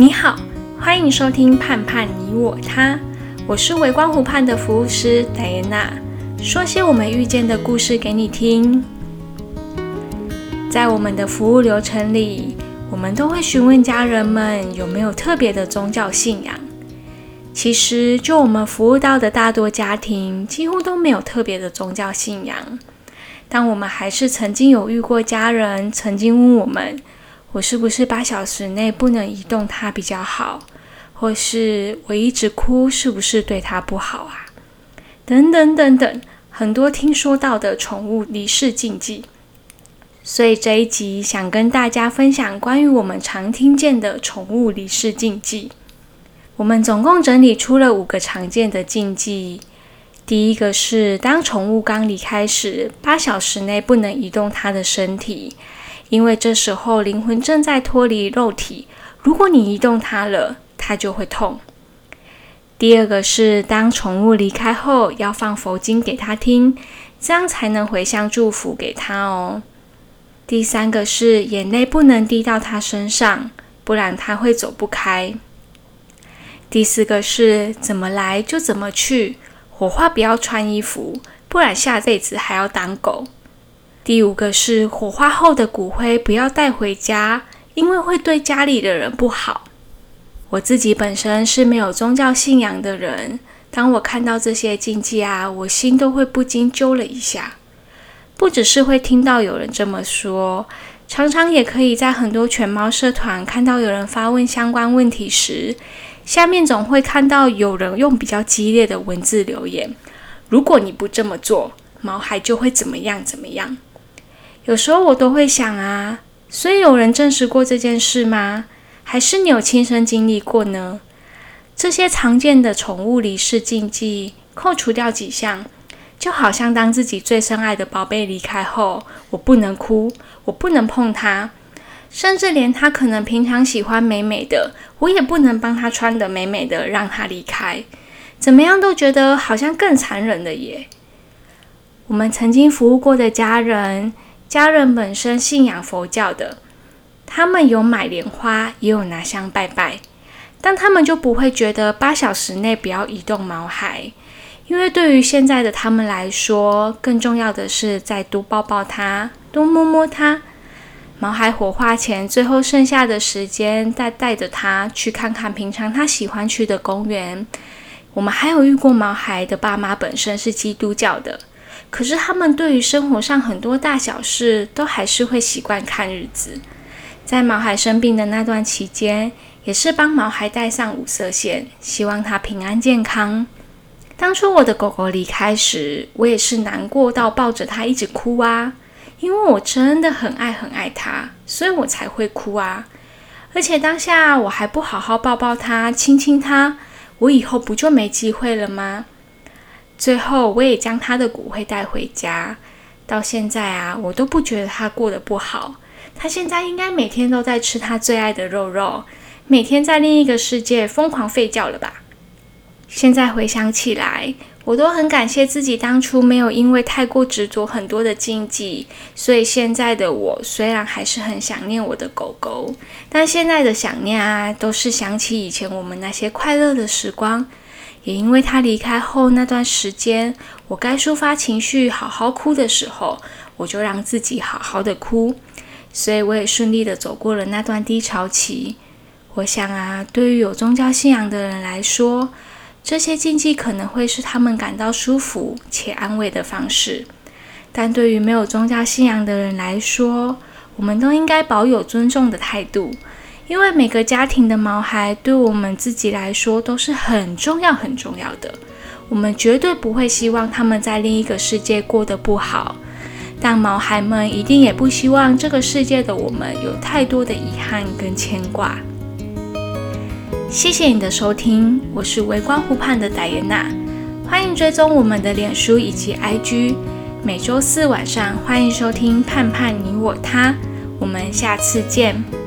你好，歡迎收聽《盼盼你我他》，我是微光湖盼的服務師戴安娜，說些我們遇見的故事給你聽。在我們的服務流程裡，我們都會詢問家人們有沒有特別的宗教信仰。其實，就我們服務到的大多家庭，幾乎都沒有特別的宗教信仰。但我們還是曾經有遇過家人曾經問我們。我是不是八小時內不能移動它比較好？或是我一直哭，是不是對它不好啊？等等等等，很多聽說到的寵物離世禁忌。所以這一集想跟大家分享關於我們常聽見的寵物離世禁忌。我們總共整理出了五個常見的禁忌。第一個是，當寵物剛離開時，八小時內不能移動它的身體。因為這時候靈魂正在脫離肉體，如果你移動它了，它就會痛。第二個是，當寵物離開後，要放佛經給它聽，這樣才能回向祝福給它哦。第三個是，眼淚不能滴到它身上，不然它會走不開。第四個是怎麼來就怎麼去，火化不要穿衣服，不然下輩子還要當狗。第五個是火化後的骨灰不要帶回家，因為會對家裡的人不好。我自己本身是沒有宗教信仰的人，當我看到這些禁忌啊，我心都會不禁揪了一下。不只是會聽到有人這麼說，常常也可以在很多犬貓社團看到有人發問相關問題時，下面總會看到有人用比較激烈的文字留言。如果你不這麼做，毛孩就會怎麼樣怎麼樣。有時候我都會想啊，所以有人證實過這件事嗎？還是你有親身經歷過呢？這些常見的寵物離世禁忌，扣除掉幾項，就好像當自己最深愛的寶貝離開後，我不能哭，我不能碰它，甚至連他可能平常喜歡美美的，我也不能幫他穿得美美的，讓他離開，怎麼樣都覺得好像更殘忍了耶。我們曾經服務過的家人。家人本身信仰佛教的，他們有買蓮花，也有拿香拜拜，但他們就不會覺得八小時內不要移動毛孩，因為對於現在的他們來說，更重要的是再多抱抱他，多摸摸他。毛孩火化前最後剩下的時間，再帶着他去看看平常他喜歡去的公園。我們還有遇過毛孩的爸媽本身是基督教的。可是他們對於生活上很多大小事都還是會習慣看日子。在毛孩生病的那段期間，也是幫毛孩戴上五色線，希望他平安健康。當初我的狗狗離開時，我也是難過到抱着它一直哭啊，因為我真的很愛很愛它，所以我才會哭啊。而且當下我還不好好抱抱它、親親它，我以後不就沒機會了嗎？最後，我也將他的骨灰帶回家。到現在啊，我都不覺得他過得不好。他現在應該每天都在吃他最愛的肉肉，每天在另一個世界瘋狂吠叫了吧？現在回想起來，我都很感謝自己當初沒有因為太過執着很多的禁忌。所以現在的我雖然還是很想念我的狗狗，但現在的想念啊，都是想起以前我們那些快樂的時光。也因為他離開後那段時間，我該抒發情緒、好好哭的時候，我就讓自己好好的哭，所以我也順利的走過了那段低潮期。我想啊，對於有宗教信仰的人來說，這些禁忌可能會是他們感到舒服且安慰的方式；但對於沒有宗教信仰的人來說，我們都應該保有尊重的態度。因為每個家庭的毛孩對我們自己來說都是很重要、很重要的，我們絕對不會希望他們在另一個世界過得不好。但毛孩們一定也不希望這個世界的我們有太多的遺憾跟牽掛。謝謝你的收聽，我是微光湖盼的戴妍娜，歡迎追蹤我們的臉書以及 IG。每周四晚上歡迎收聽《盼盼你我他》，我們下次見。